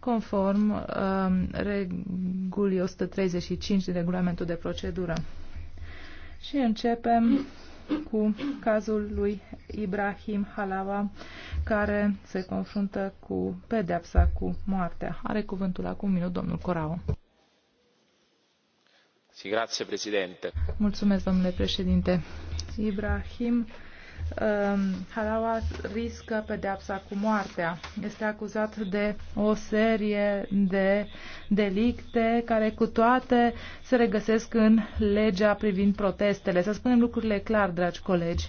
conform uh, regulii 135 din regulamentul de procedură. Și începem cu cazul lui Ibrahim Halawa, care se confruntă cu pedepsa cu moartea. Are cuvântul acum minut domnul Corao. Grazie, Mulțumesc, domnule președinte. Ibrahim Um, Harawa riscă pedeapsa cu moartea. Este acuzat de o serie de delicte care cu toate se regăsesc în legea privind protestele. Să spunem lucrurile clar, dragi colegi.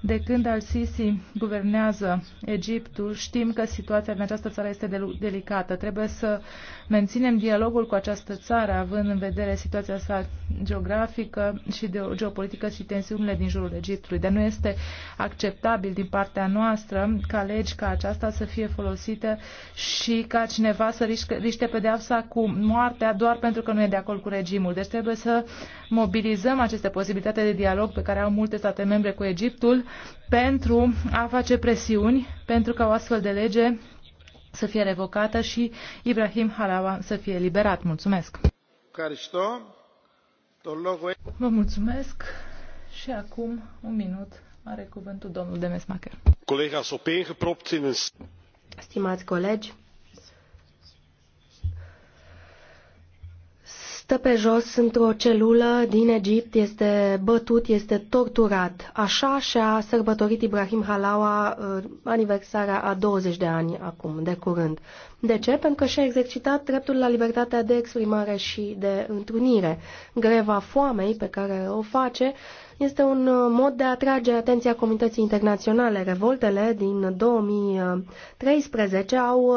De când al-Sisi guvernează Egiptul, știm că situația în această țară este delicată. Trebuie să menținem dialogul cu această țară, având în vedere situația sa geografică și de, geopolitică și tensiunile din jurul Egiptului. Dar nu este acceptabil din partea noastră ca legi ca aceasta să fie folosită și ca cineva să riște, riște pedeapsa cu moartea doar pentru că nu e de acord cu regimul. Deci trebuie să mobilizăm aceste posibilitate de dialog pe care au multe state membre cu Egiptul pentru a face presiuni pentru ca o astfel de lege să fie revocată și Ibrahim Halawa să fie eliberat. Mulțumesc! Vă mulțumesc și acum un minut are cuvântul domnul Demesmacher. Stimați colegi, Stă pe jos într-o celulă din Egipt, este bătut, este torturat. Așa și-a sărbătorit Ibrahim Halawa uh, aniversarea a 20 de ani acum, de curând. De ce? Pentru că și-a exercitat dreptul la libertatea de exprimare și de întrunire. Greva foamei pe care o face este un uh, mod de a atrage atenția comunității internaționale. Revoltele din 2013 uh, au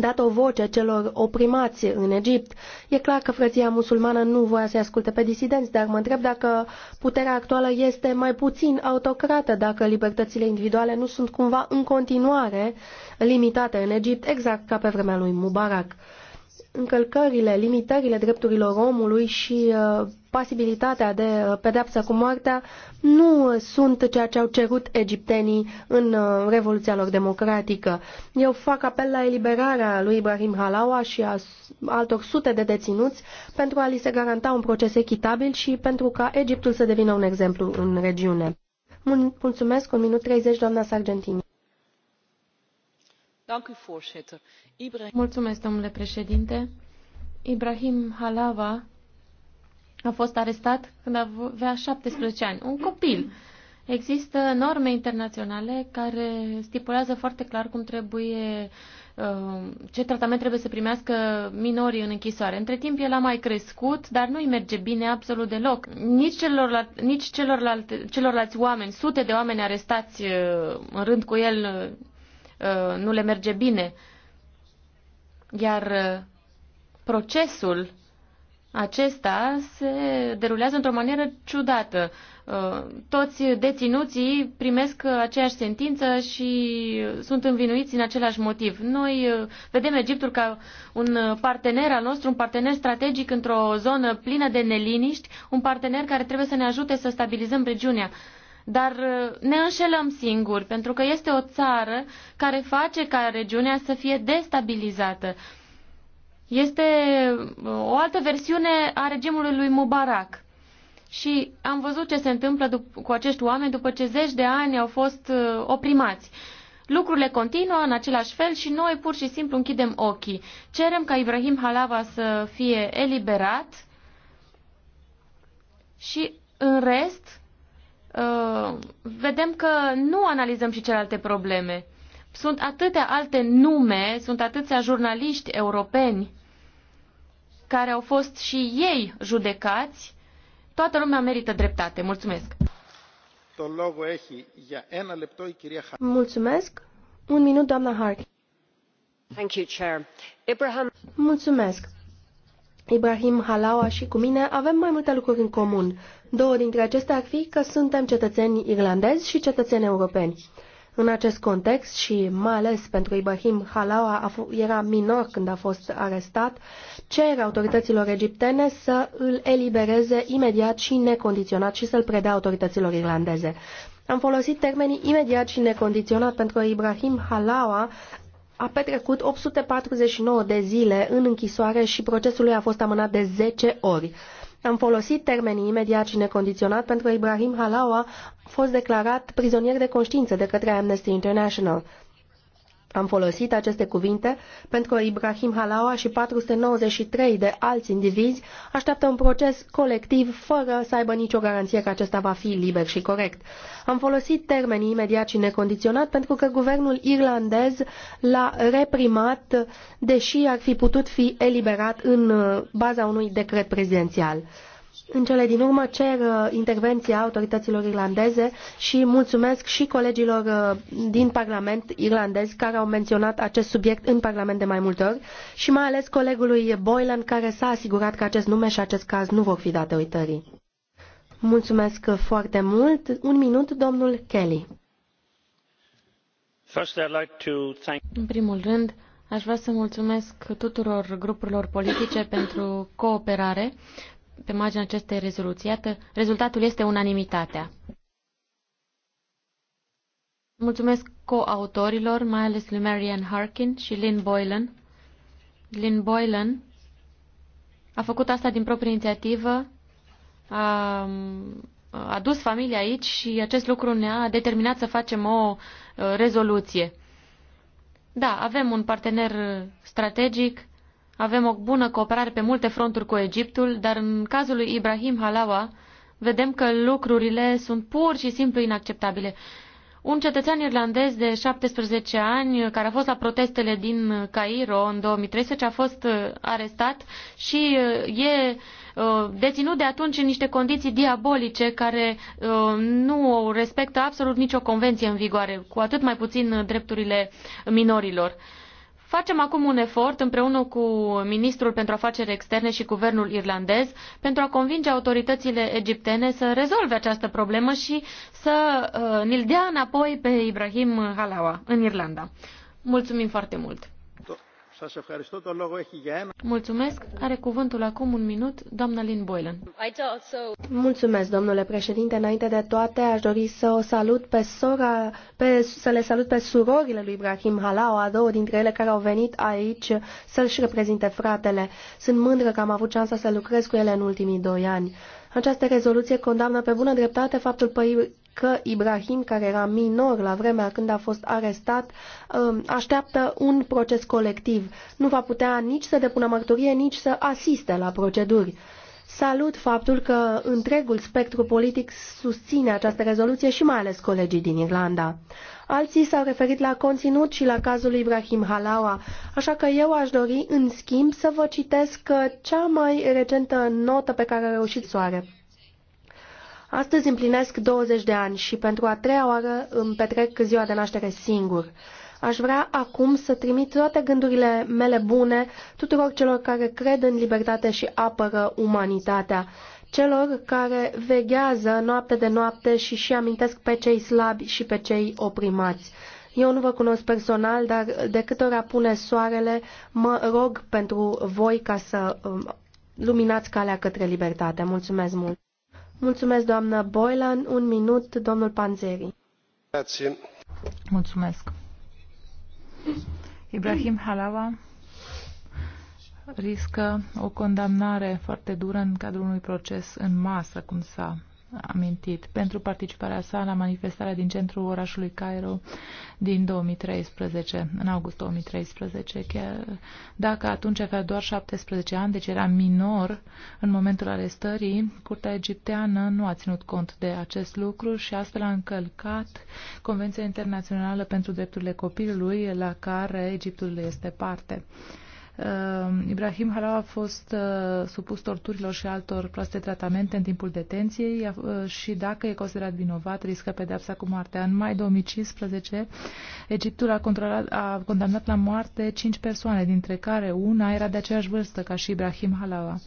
dat o voce celor oprimați în Egipt. E clar că frăția musulmană nu voia să-i asculte pe disidenți, dar mă întreb dacă puterea actuală este mai puțin autocrată, dacă libertățile individuale nu sunt cumva în continuare limitate în Egipt, exact ca pe vremea lui Mubarak încălcările, limitările drepturilor omului și uh, pasibilitatea de uh, pedeapsă cu moartea nu sunt ceea ce au cerut egiptenii în uh, Revoluția lor democratică. Eu fac apel la eliberarea lui Ibrahim Halawa și a altor sute de deținuți pentru a li se garanta un proces echitabil și pentru ca Egiptul să devină un exemplu în regiune. Mulțumesc, un minut 30, doamna Sargentini. Mulțumesc, domnule președinte. Ibrahim Halawa a fost arestat când avea șaptesprezece ani, un copil. Există norme internaționale care stipulează foarte clar cum trebuie, uh, ce tratament trebuie să primească minorii în închisoare. Între timp el a mai crescut, dar nu-i merge bine absolut deloc. Nici, celorlal, nici celorlalte, celorlalți oameni, sute de oameni arestați uh, în rând cu el Uh, nu le merge bine. Iar uh, procesul acesta se derulează într-o manieră ciudată. Uh, toți deținuții primesc aceeași sentință și sunt învinuiți în același motiv. Noi vedem Egiptul ca un partener al nostru, un partener strategic într-o zonă plină de neliniști, un partener care trebuie să ne ajute să stabilizăm regiunea. Dar uh, ne înșelăm singuri, pentru că este o țară care face ca regiunea să fie destabilizată. Este uh, o altă versiune a regimului lui Mubarak. Și am văzut ce se întâmplă cu acești oameni după ce zeci de ani au fost uh, oprimați. Lucrurile continuă în același fel și noi pur și simplu închidem ochii. Cerem ca Ibrahim Halava să fie eliberat și în rest Uh, vedem că nu analizăm și celelalte probleme. Sunt atâtea alte nume, sunt atâția jurnaliști europeni care au fost și ei judecați. Toată lumea merită dreptate. Mulțumesc! Mulțumesc! Un minut, doamna Harkin. Mulțumesc. Ibrahim Halawa și cu mine avem mai multe lucruri în comun. Două dintre acestea ar fi că suntem cetățeni irlandezi și cetățeni europeni. În acest context și mai ales pentru Ibrahim Halawa era minor când a fost arestat, cer autorităților egiptene să îl elibereze imediat și necondiționat și să-l predea autorităților irlandeze. Am folosit termenii imediat și necondiționat pentru că Ibrahim Halawa a petrecut 849 de zile în închisoare și procesul lui a fost amânat de 10 ori. Am folosit termenii imediat și necondiționat pentru că Ibrahim Halawa a fost declarat prizonier de conștiință de către Amnesty International. Am folosit aceste cuvinte pentru că Ibrahim Halawa și 493 de alți indivizi așteaptă un proces colectiv fără să aibă nicio garanție că acesta va fi liber și corect. Am folosit termenii imediat și necondiționat pentru că guvernul irlandez l-a reprimat, deși ar fi putut fi eliberat în uh, baza unui decret prezidențial. În cele din urmă cer uh, intervenția autorităților irlandeze și mulțumesc și colegilor uh, din Parlament irlandez care au menționat acest subiect în Parlament de mai multe ori și mai ales colegului Boylan care s-a asigurat că acest nume și acest caz nu vor fi date uitării. Mulțumesc foarte mult. Un minut, domnul Kelly. În primul rând, aș vrea să mulțumesc tuturor grupurilor politice pentru cooperare pe marginea acestei rezoluții. Iată, rezultatul este unanimitatea. Mulțumesc coautorilor, mai ales lui Marianne Harkin și Lynn Boylan. Lynn Boylan a făcut asta din proprie inițiativă, a adus familia aici și acest lucru ne-a determinat să facem o uh, rezoluție. Da, avem un partener strategic avem o bună cooperare pe multe fronturi cu Egiptul, dar în cazul lui Ibrahim Halawa vedem că lucrurile sunt pur și simplu inacceptabile. Un cetățean irlandez de 17 ani, care a fost la protestele din Cairo în 2013, a fost uh, arestat și uh, e uh, deținut de atunci în niște condiții diabolice care nu respectă absolut nicio convenție în vigoare, cu atât mai puțin drepturile minorilor. Facem acum un efort împreună cu Ministrul pentru Afaceri Externe și Guvernul Irlandez pentru a convinge autoritățile egiptene să rezolve această problemă și să uh, ne-l dea înapoi pe Ibrahim Halawa în Irlanda. Mulțumim foarte mult! Mulțumesc. Are cuvântul acum un minut doamna Lynn Boylan. Mulțumesc, domnule președinte. Înainte de toate, aș dori să o salut pe sora, pe, să le salut pe surorile lui Ibrahim Halawa, două dintre ele care au venit aici să-și reprezinte fratele. Sunt mândră că am avut șansa să lucrez cu ele în ultimii doi ani. Această rezoluție condamnă pe bună dreptate faptul păi- că Ibrahim, care era minor la vremea când a fost arestat, um, așteaptă un proces colectiv. Nu va putea nici să depună mărturie, nici să asiste la proceduri. Salut faptul că întregul spectru politic susține această rezoluție și mai ales colegii din Irlanda. Alții s-au referit la conținut și la cazul lui Ibrahim Halawa, așa că eu aș dori, în schimb, să vă citesc cea mai recentă notă pe care a reușit soare. Astăzi împlinesc 20 de ani și pentru a treia oară îmi petrec ziua de naștere singur. Aș vrea acum să trimit toate gândurile mele bune tuturor celor care cred în libertate și apără umanitatea, celor care veghează noapte de noapte și și amintesc pe cei slabi și pe cei oprimați. Eu nu vă cunosc personal, dar de câte ori apune soarele, mă rog pentru voi ca să um, luminați calea către libertate. Mulțumesc mult! Mulțumesc, doamnă Boylan. Un minut, domnul Panzeri. Grazie. Mulțumesc. Ibrahim Halawa riscă o condamnare foarte dură în cadrul unui proces în masă, cum s-a amintit, pentru participarea sa la manifestarea din centrul orașului Cairo din 2013, în august 2013. Chiar dacă atunci avea doar 17 ani, deci era minor în momentul arestării, Curtea egipteană nu a ținut cont de acest lucru și astfel a încălcat Convenția Internațională pentru Drepturile Copilului, la care Egiptul este parte. Ehm, Ibrahim Halawa a fost eh, supus torturilor și altor proaste tratamente în timpul detenției eh, și dacă e considerat vinovat, riscă pedepsa cu moartea. În mai 2015, Egiptul a, a condamnat la moarte cinci persoane, dintre care una era de aceeași vârstă ca și Ibrahim Halawa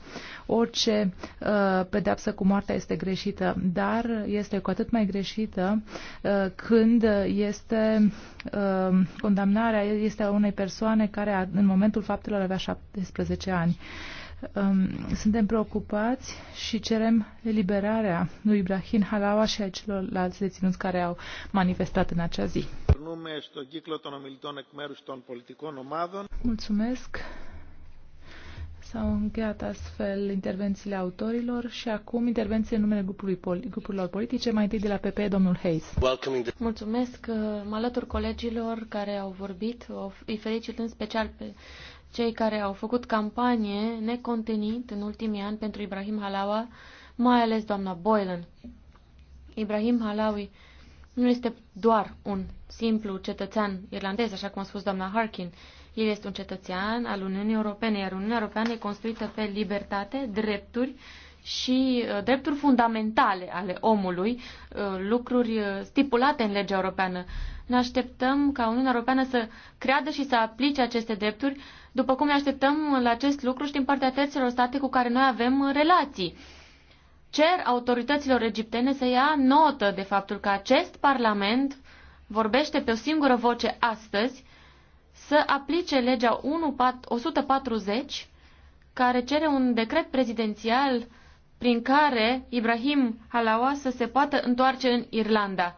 orice uh, pedeapsă cu moartea este greșită, dar este cu atât mai greșită uh, când este uh, condamnarea este a unei persoane care a, în momentul faptelor avea 17 ani. Um, suntem preocupați și cerem eliberarea lui Ibrahim Halawa și a celorlalți deținuți care au manifestat în acea zi. Mulțumesc. S-au încheiat astfel intervențiile autorilor și acum intervenție în numele grupului poli- grupurilor politice, mai întâi de la PP, domnul Hayes. Mulțumesc, uh, mă alătur colegilor care au vorbit, îi felicit în special pe cei care au făcut campanie necontenit în ultimii ani pentru Ibrahim Halawa, mai ales doamna Boylan. Ibrahim Halawi nu este doar un simplu cetățean irlandez, așa cum a spus doamna Harkin, el este un cetățean al Uniunii Europene, iar Uniunea Europeană e construită pe libertate, drepturi și uh, drepturi fundamentale ale omului, uh, lucruri uh, stipulate în legea europeană. Ne așteptăm ca Uniunea Europeană să creadă și să aplice aceste drepturi, după cum ne așteptăm la acest lucru și din partea terțelor state cu care noi avem relații. Cer autorităților egiptene să ia notă de faptul că acest Parlament vorbește pe o singură voce astăzi să aplice legea 140 care cere un decret prezidențial prin care Ibrahim Halawa să se poată întoarce în Irlanda.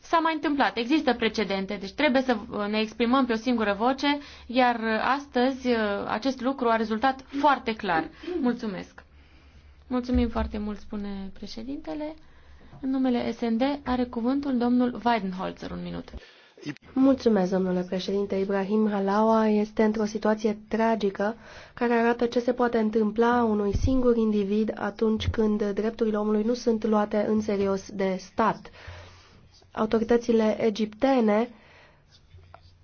S-a mai întâmplat, există precedente, deci trebuie să ne exprimăm pe o singură voce, iar astăzi uh, acest lucru a rezultat foarte clar. Mulțumesc! Mulțumim foarte mult, spune președintele. În numele SND are cuvântul domnul Weidenholzer, un minut. Mulțumesc, domnule președinte. Ibrahim Halawa este într-o situație tragică care arată ce se poate întâmpla unui singur individ atunci când drepturile omului nu sunt luate în serios de stat. Autoritățile egiptene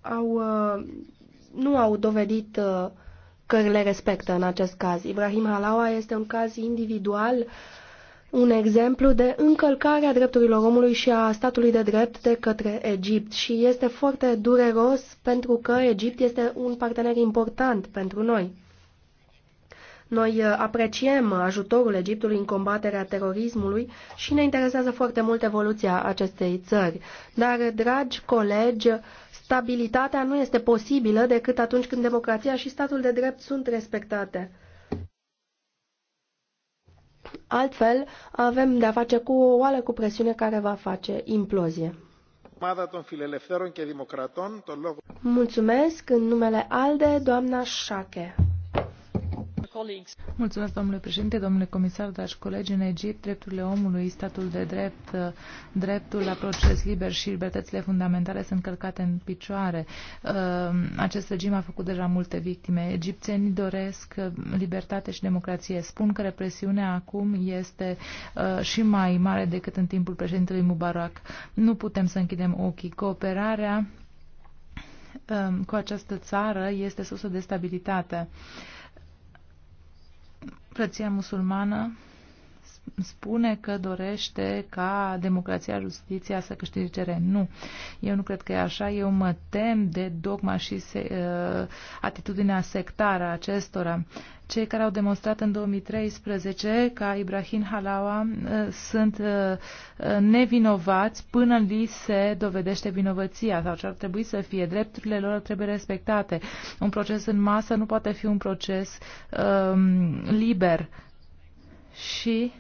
au, uh, nu au dovedit uh, că le respectă în acest caz. Ibrahim Halawa este un caz individual uh, un exemplu de încălcare a drepturilor omului și a statului de drept de către Egipt și este foarte dureros pentru că Egipt este un partener important pentru noi. Noi uh, apreciem ajutorul Egiptului în combaterea terorismului și ne interesează foarte mult evoluția acestei țări. Dar, dragi colegi, stabilitatea nu este posibilă decât atunci când democrația și statul de drept sunt respectate. Altfel, avem de-a face cu o oală cu presiune care va face implozie. Mulțumesc în numele ALDE, doamna Șache. Mulțumesc, domnule președinte, domnule comisar, dragi colegi. În Egipt, drepturile omului, statul de drept, dreptul la proces liber și libertățile fundamentale sunt călcate în picioare. Ehm, acest regim a făcut deja multe victime. Egipțenii doresc libertate și democrație. Spun că represiunea acum este eh, și mai mare decât în timpul președintelui Mubarak. Nu putem să închidem ochii. Cooperarea ehm, cu această țară este sursă de stabilitate frăția musulmană spune că dorește ca democrația, justiția să câștige teren. Nu. Eu nu cred că e așa. Eu mă tem de dogma și se, uh, atitudinea sectară a acestora. Cei care au demonstrat în 2013 ca Ibrahim Halawa uh, sunt uh, uh, nevinovați până li se dovedește vinovăția sau ce ar trebui să fie. Drepturile lor trebuie respectate. Un proces în masă nu poate fi un proces uh, liber. Și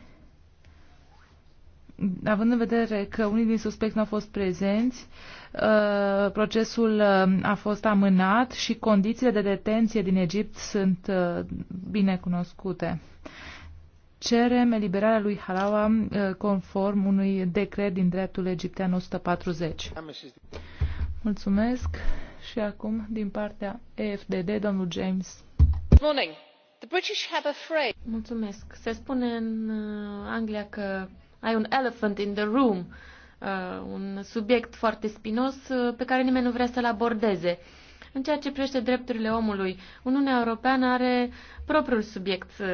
având în vedere că unii din suspecți nu au fost prezenți, uh, procesul uh, a fost amânat și condițiile de detenție din Egipt sunt uh, bine cunoscute. Cerem eliberarea lui Halawa conform unui decret din dreptul egiptean 140. Mulțumesc și acum din partea EFDD, domnul James. Morning. The British have a Mulțumesc. Se spune în Anglia că ai un elephant in the room, uh, un subiect foarte spinos uh, pe care nimeni nu vrea să-l abordeze. În ceea ce privește drepturile omului, Uniunea Europeană are propriul subiect uh,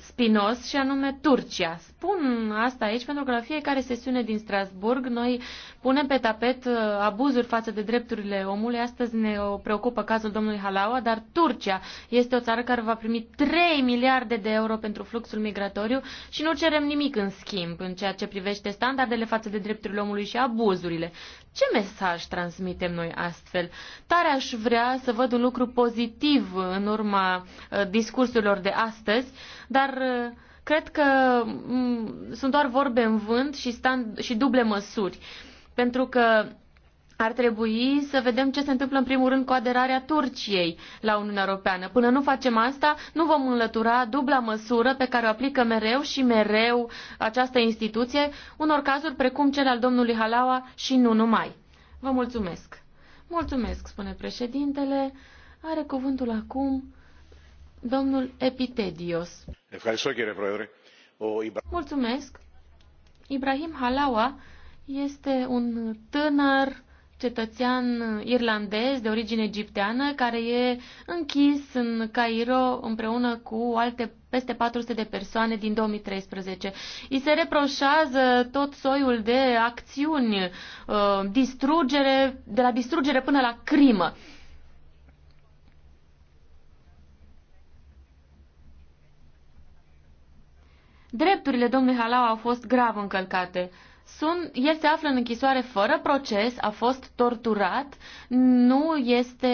spinos și anume Turcia. Spun asta aici pentru că la fiecare sesiune din Strasburg noi punem pe tapet uh, abuzuri față de drepturile omului. Astăzi ne preocupă cazul domnului Halawa, dar Turcia este o țară care va primi 3 miliarde de euro pentru fluxul migratoriu și nu cerem nimic în schimb în ceea ce privește standardele față de drepturile omului și abuzurile. Ce mesaj transmitem noi astfel? Tare aș vrea să văd un lucru pozitiv în urma uh, discursului discursurilor de astăzi, dar uh, cred că mm, sunt doar vorbe în vânt și, stand, și duble măsuri. Pentru că ar trebui să vedem ce se întâmplă în primul rând cu aderarea Turciei la Uniunea Europeană. Până nu facem asta, nu vom înlătura dubla măsură pe care o aplică mereu și mereu această instituție, unor cazuri precum cel al domnului Halawa și nu numai. Vă mulțumesc. Mulțumesc, spune președintele. Are cuvântul acum Domnul Mulțumesc. Ibrahim Halawa este un tânăr cetățean irlandez de origine egipteană care e închis în Cairo împreună cu alte peste 400 de persoane din 2013. Îi se reproșează tot soiul de acțiuni, uh, distrugere, de la distrugere până la crimă. Drepturile domnului Halau au fost grav încălcate. Sun, el se află în închisoare fără proces, a fost torturat, nu, este,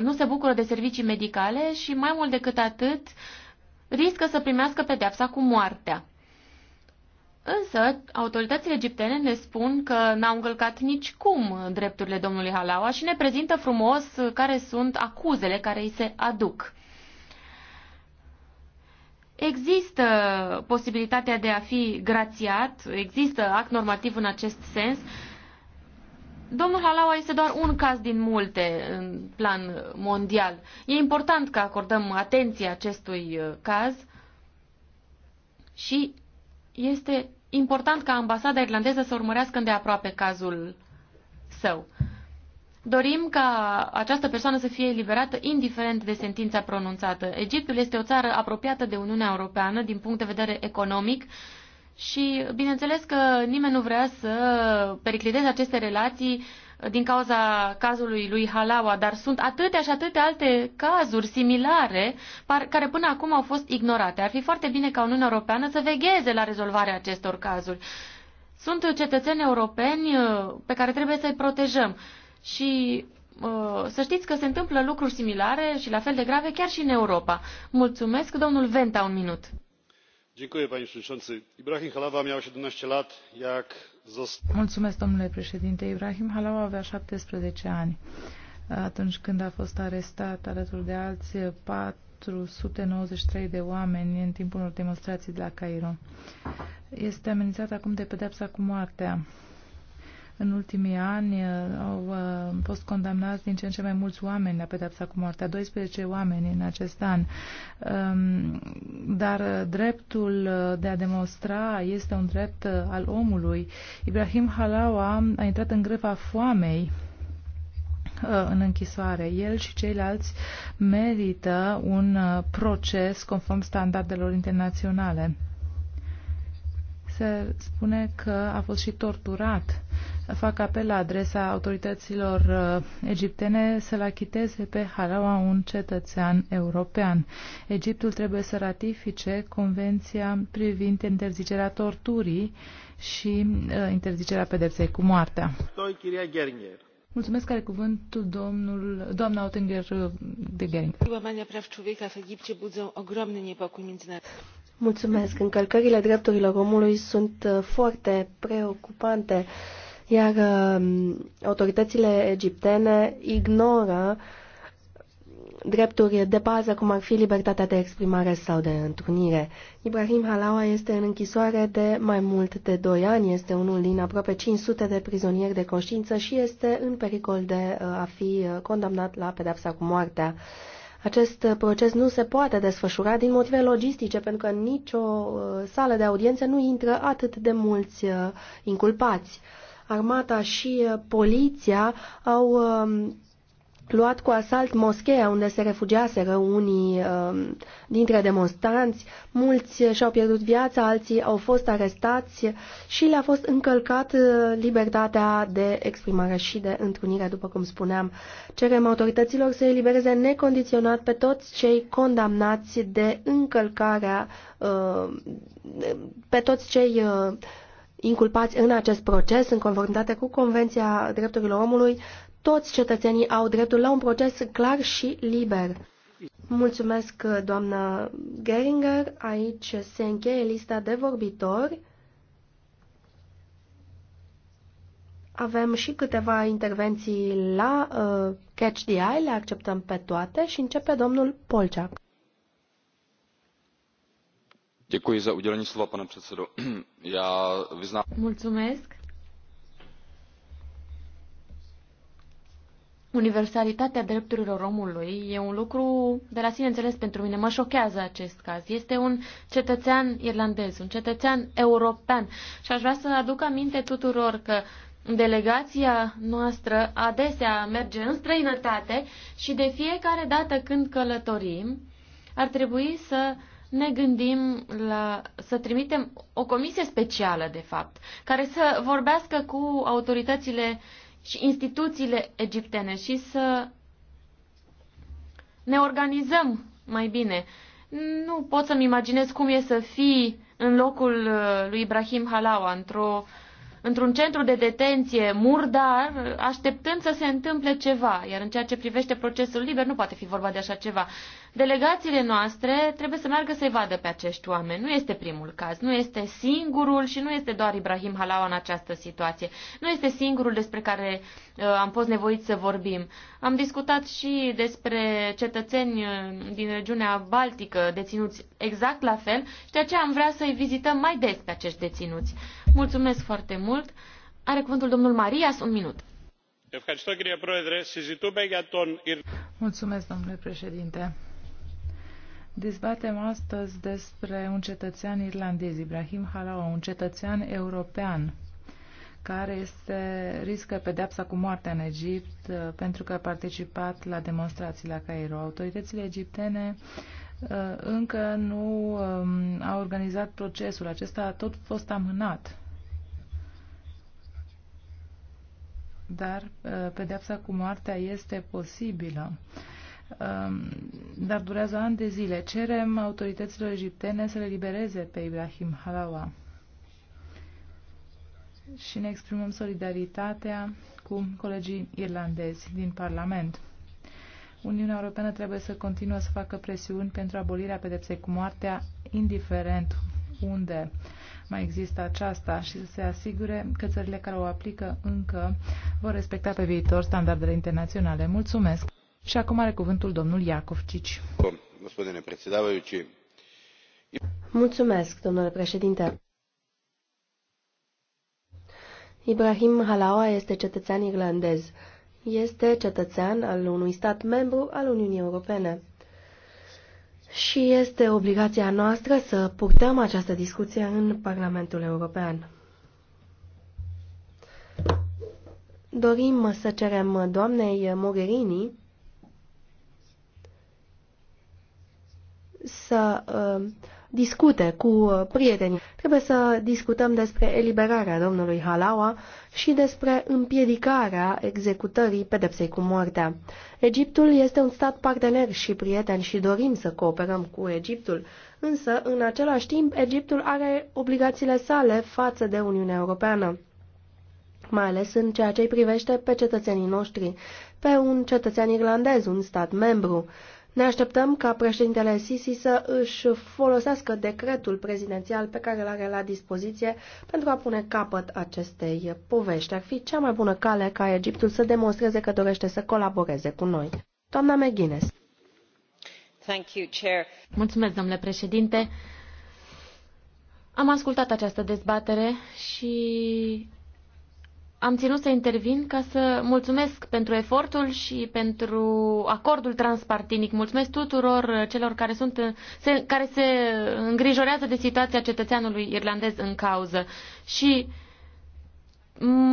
nu se bucură de servicii medicale și mai mult decât atât riscă să primească pedeapsa cu moartea. Însă, autoritățile egiptene ne spun că n-au încălcat nici cum drepturile domnului Halawa și ne prezintă frumos care sunt acuzele care îi se aduc. Există posibilitatea de a fi grațiat, există act normativ în acest sens. Domnul Halawa este doar un caz din multe în plan mondial. E important că acordăm atenție acestui uh, caz și este important ca ambasada irlandeză să urmărească îndeaproape cazul său. Dorim ca această persoană să fie eliberată indiferent de sentința pronunțată. Egiptul este o țară apropiată de Uniunea Europeană din punct de vedere economic și bineînțeles că nimeni nu vrea să pericliteze aceste relații din cauza cazului lui Halawa, dar sunt atâtea și atâtea alte cazuri similare care până acum au fost ignorate. Ar fi foarte bine ca Uniunea Europeană să vegheze la rezolvarea acestor cazuri. Sunt cetățeni europeni uh, pe care trebuie să-i protejăm. Și uh, să știți că se întâmplă lucruri similare și la fel de grave chiar și în Europa. Mulțumesc, domnul Venta, un minut. Mulțumesc, domnule președinte. Ibrahim Halawa avea 17 ani atunci când a fost arestat alături de alți 493 de oameni în timpul unor demonstrații de la Cairo. Este amenințat acum de pedepsa cu moartea în ultimii ani uh, au uh, fost condamnați din ce în ce mai mulți oameni la pedepsa cu moartea, 12 oameni în acest an. Um, dar uh, dreptul de a demonstra este un drept al omului. Ibrahim Halawa a intrat în greva foamei în închisoare. El și ceilalți merită un proces conform standardelor internaționale se spune că a fost și torturat. Fac apel la adresa autorităților uh, egiptene să-l achiteze pe Halawa, un cetățean european. Egiptul trebuie să ratifice convenția privind interzicerea torturii și uh, interzicerea pedepsei cu moartea. Mulțumesc, care cuvântul domnul, doamna Otinger uh, de Gering. Łamania praw człowieka w Egipcie budzą ogromny niepokój międzynarodowy. Mulțumesc. Încălcările drepturilor omului sunt uh, foarte preocupante, iar um, autoritățile egiptene ignoră drepturi de bază, cum ar fi libertatea de exprimare sau de întrunire. Ibrahim Halawa este în închisoare de mai mult de 2 ani, este unul din aproape 500 de prizonieri de conștiință și este în pericol de uh, a fi uh, condamnat la pedepsa cu moartea. Acest proces nu se poate desfășura din motive logistice, pentru că nicio uh, sală de audiență nu intră atât de mulți uh, inculpați. Armata și uh, poliția au um, luat cu asalt moscheea unde se refugiaseră unii uh, dintre demonstranți, mulți și-au pierdut viața, alții au fost arestați și le-a fost încălcat uh, libertatea de exprimare și de întrunire, după cum spuneam. Cerem autorităților să elibereze necondiționat pe toți cei condamnați de încălcarea, uh, pe toți cei uh, inculpați în acest proces, în conformitate cu Convenția Drepturilor Omului, toți cetățenii au dreptul la un proces clar și liber. Mulțumesc, doamnă Geringer. Aici se încheie lista de vorbitori. Avem și câteva intervenții la uh, Catch the Eye, le acceptăm pe toate și începe domnul Polceac. Děkuji za udělení slova, pane předsedo. Já vyznám... Mulțumesc. Universalitatea drepturilor omului e un lucru de la sine înțeles pentru mine. Mă șochează acest caz. Este un cetățean irlandez, un cetățean european și aș vrea să aduc aminte tuturor că delegația noastră adesea merge în străinătate și de fiecare dată când călătorim ar trebui să ne gândim la să trimitem o comisie specială, de fapt, care să vorbească cu autoritățile și instituțiile egiptene și să ne organizăm mai bine. Nu pot să-mi imaginez cum e să fii în locul uh, lui Ibrahim Halawa, într-o, într-un centru de detenție murdar, așteptând să se întâmple ceva. Iar în ceea ce privește procesul liber, nu poate fi vorba de așa ceva. Delegațiile noastre trebuie să meargă să-i vadă pe acești oameni. Nu este primul caz, nu este singurul și nu este doar Ibrahim Halawa în această situație. Nu este singurul despre care uh, am fost nevoit să vorbim. Am discutat și despre cetățeni uh, din regiunea Baltică deținuți exact la fel și de aceea am vrea să-i vizităm mai des pe acești deținuți. Mulțumesc foarte mult. Are cuvântul domnul Marias, un minut. Mulțumesc, domnule președinte Dezbatem astăzi despre un cetățean irlandez, Ibrahim Halawa, un cetățean european care este, riscă pedeapsa cu moartea în Egipt uh, pentru că a participat la demonstrații la Cairo. Autoritățile egiptene uh, încă nu um, au organizat procesul. Acesta a tot fost amânat. Dar uh, pedepsa cu moartea este posibilă. Um, dar durează ani de zile. Cerem autorităților egiptene să le libereze pe Ibrahim Halawa și ne exprimăm solidaritatea cu colegii irlandezi din Parlament. Uniunea Europeană trebuie să continuă să facă presiuni pentru abolirea pedepsei cu moartea, indiferent unde mai există aceasta și să se asigure că țările care o aplică încă vor respecta pe viitor standardele internaționale. Mulțumesc! Și acum are cuvântul domnul Iacovcici. Mulțumesc, domnule președinte. Ibrahim Halawa este cetățean irlandez. Este cetățean al unui stat membru al Uniunii Europene. Și este obligația noastră să purtăm această discuție în Parlamentul European. Dorim să cerem doamnei Mogherini să uh, discute cu uh, prietenii. Trebuie să discutăm despre eliberarea domnului Halawa și despre împiedicarea executării pedepsei cu moartea. Egiptul este un stat partener și prieten și dorim să cooperăm cu Egiptul, însă, în același timp, Egiptul are obligațiile sale față de Uniunea Europeană mai ales în ceea ce îi privește pe cetățenii noștri, pe un cetățean irlandez, un stat membru. Ne așteptăm ca președintele Sisi să își folosească decretul prezidențial pe care îl are la dispoziție pentru a pune capăt acestei povești. Ar fi cea mai bună cale ca Egiptul să demonstreze că dorește să colaboreze cu noi. Doamna McGuinness. Mulțumesc, domnule președinte. Am ascultat această dezbatere și am ținut să intervin ca să mulțumesc pentru efortul și pentru acordul transpartinic. Mulțumesc tuturor celor care, sunt, se, care se îngrijorează de situația cetățeanului irlandez în cauză. Și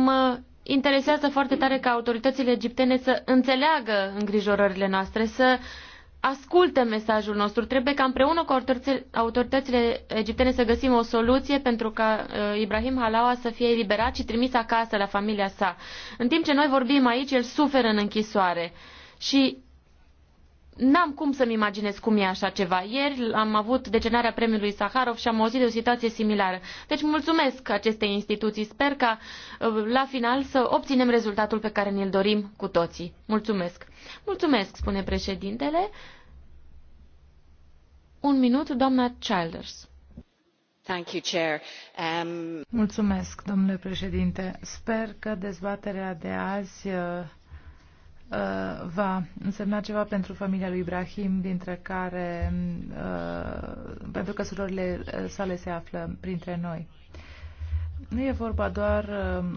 mă interesează foarte tare ca autoritățile egiptene să înțeleagă îngrijorările noastre, să uh, asculte mesajul nostru. Trebuie ca împreună cu autoritățile egiptene să găsim o soluție pentru ca uh, Ibrahim Halawa să fie eliberat și trimis acasă la familia sa. În timp ce noi vorbim aici, el suferă în închisoare. Și N-am cum să-mi imaginez cum e așa ceva. Ieri am avut decenarea premiului Saharov și am auzit de o situație similară. Deci mulțumesc acestei instituții. Sper ca uh, la final să obținem rezultatul pe care ne-l dorim cu toții. Mulțumesc. Mulțumesc, spune președintele. Un minut, doamna Childers. Um, mulțumesc, domnule președinte. Sper că dezbaterea de azi uh, Uh, va însemna ceva pentru familia lui Ibrahim, dintre care, uh, pentru că surorile uh, sale se află printre noi. Nu e vorba doar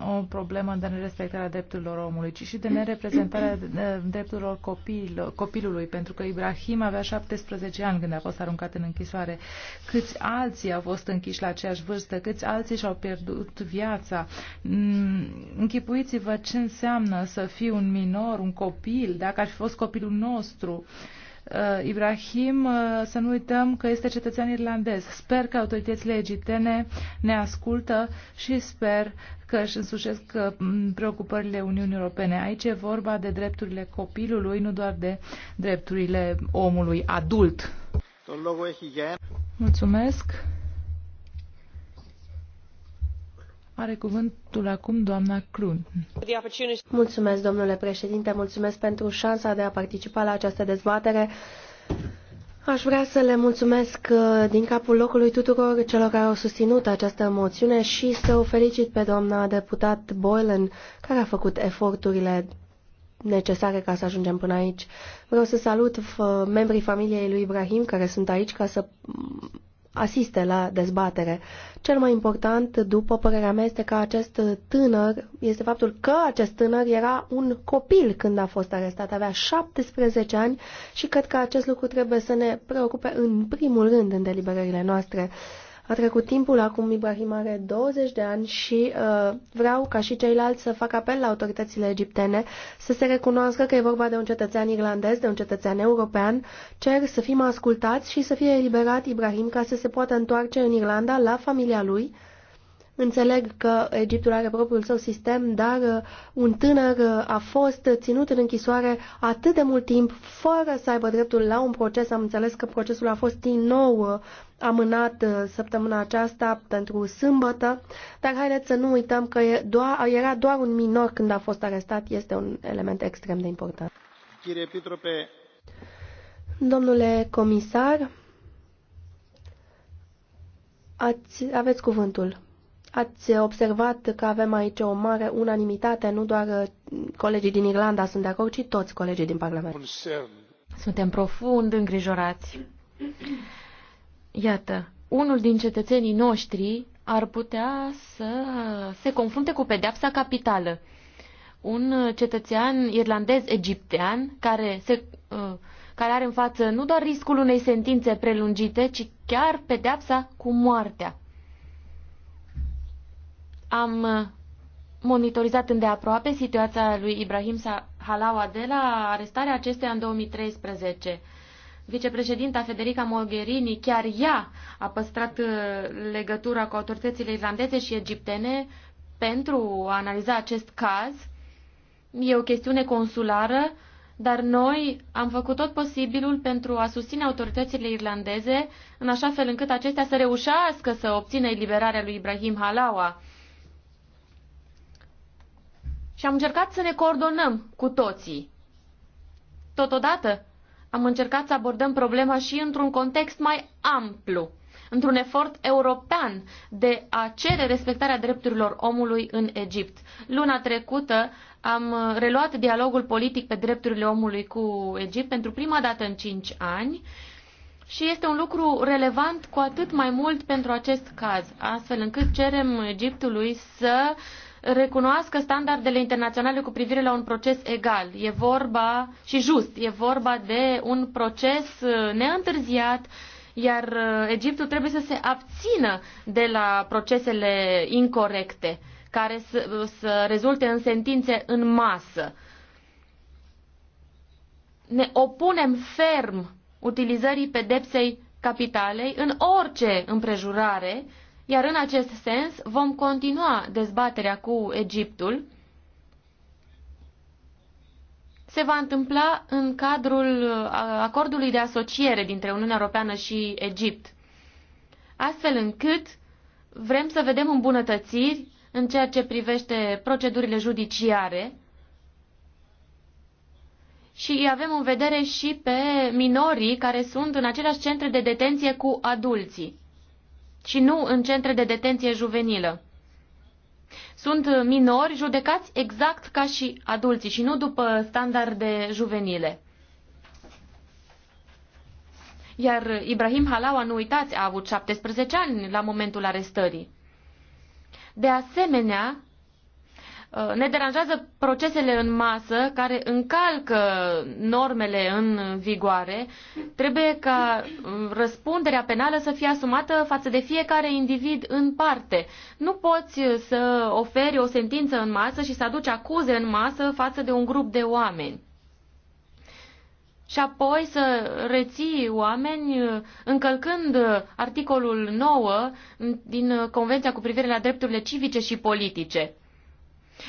uh, o problemă de nerespectarea drepturilor omului, ci și de nereprezentarea uh, drepturilor copil, copilului, pentru că Ibrahim avea 17 ani când a fost aruncat în închisoare. Câți alții au fost închiși la aceeași vârstă, câți alții și-au pierdut viața. Mm, închipuiți-vă ce înseamnă să fii un minor, un copil, dacă ar fi fost copilul nostru. Uh, Uh, Ibrahim, uh, să nu uităm că este cetățean irlandez. Sper că autoritățile egiptene ne ascultă și sper că își însușesc uh, preocupările Uniunii Europene. Aici e vorba de drepturile copilului, nu doar de drepturile omului adult. Mulțumesc. Are cuvântul acum doamna Clun. Mulțumesc, domnule președinte, mulțumesc pentru șansa de a participa la această dezbatere. Aș vrea să le mulțumesc uh, din capul locului tuturor celor care au susținut această moțiune și să o felicit pe doamna deputat Boylan, care a făcut eforturile necesare ca să ajungem până aici. Vreau să salut membrii familiei lui Ibrahim care sunt aici ca să asiste la dezbatere. Cel mai important, după părerea mea, este că acest tânăr, este faptul că acest tânăr era un copil când a fost arestat, avea 17 ani și cred că acest lucru trebuie să ne preocupe în primul rând în deliberările noastre. A trecut timpul, acum Ibrahim are 20 de ani și uh, vreau ca și ceilalți să fac apel la autoritățile egiptene să se recunoască că e vorba de un cetățean irlandez, de un cetățean european. Cer să fim ascultați și să fie eliberat Ibrahim ca să se poată întoarce în Irlanda la familia lui Înțeleg că Egiptul are propriul său sistem, dar uh, un tânăr uh, a fost ținut în închisoare atât de mult timp fără să aibă dreptul la un proces. Am înțeles că procesul a fost din nou uh, amânat săptămâna aceasta pentru sâmbătă, dar haideți să nu uităm că e doar, era doar un minor când a fost arestat. Este un element extrem de important. Domnule comisar, ați, aveți cuvântul. Ați observat că avem aici o mare unanimitate, nu doar uh, colegii din Irlanda sunt de acord, ci toți colegii din Parlament. Suntem profund îngrijorați. Iată, unul din cetățenii noștri ar putea să se confrunte cu pedeapsa capitală. Un uh, cetățean irlandez-egiptean care, se, uh, care are în față nu doar riscul unei sentințe prelungite, ci chiar pedeapsa cu moartea. Am uh, monitorizat îndeaproape situația lui Ibrahim Halawa de la arestarea acesteia în 2013. Vicepreședinta Federica Mogherini chiar ea a păstrat uh, legătura cu autoritățile irlandeze și egiptene pentru a analiza acest caz. E o chestiune consulară, dar noi am făcut tot posibilul pentru a susține autoritățile irlandeze în așa fel încât acestea să reușească să obțină eliberarea lui Ibrahim Halawa și am încercat să ne coordonăm cu toții. Totodată, am încercat să abordăm problema și într-un context mai amplu, într-un efort european de a cere respectarea drepturilor omului în Egipt. Luna trecută am reluat dialogul politic pe drepturile omului cu Egipt pentru prima dată în cinci ani și este un lucru relevant cu atât mai mult pentru acest caz, astfel încât cerem Egiptului să uh, recunoască standardele internaționale cu privire la un proces egal. E vorba și just, e vorba de un proces uh, neîntârziat, iar uh, Egiptul trebuie să se abțină de la procesele incorrecte care să, uh, să rezulte în sentințe în masă. Ne opunem ferm utilizării pedepsei capitalei în orice împrejurare iar în acest sens vom continua dezbaterea cu Egiptul. Se va întâmpla în cadrul acordului de asociere dintre Uniunea Europeană și Egipt, astfel încât vrem să vedem îmbunătățiri în ceea ce privește procedurile judiciare și avem în vedere și pe minorii care sunt în aceleași centre de detenție cu adulții și nu în centre de detenție juvenilă. Sunt minori judecați exact ca și adulții și nu după standarde juvenile. Iar Ibrahim Halawa, nu uitați, a avut 17 ani la momentul arestării. De asemenea, Uh, ne deranjează procesele în masă care încalcă normele în vigoare. Trebuie ca uh, răspunderea penală să fie asumată față de fiecare individ în parte. Nu poți uh, să oferi o sentință în masă și să aduci acuze în masă față de un grup de oameni și apoi să reții oameni încălcând articolul 9 din Convenția cu privire la drepturile civice și politice.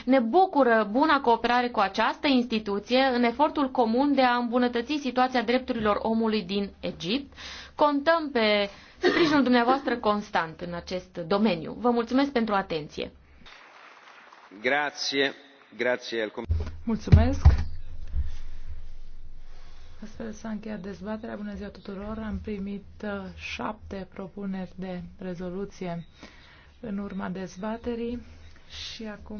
Ne bucură buna cooperare cu această instituție în efortul comun de a îmbunătăți situația drepturilor omului din Egipt. Contăm pe sprijinul dumneavoastră constant în acest domeniu. Vă mulțumesc pentru atenție. Grazie. Grazie. Mulțumesc. Astfel s-a încheiat dezbaterea. Bună ziua tuturor! Am primit uh, șapte propuneri de rezoluție în urma dezbaterii și acum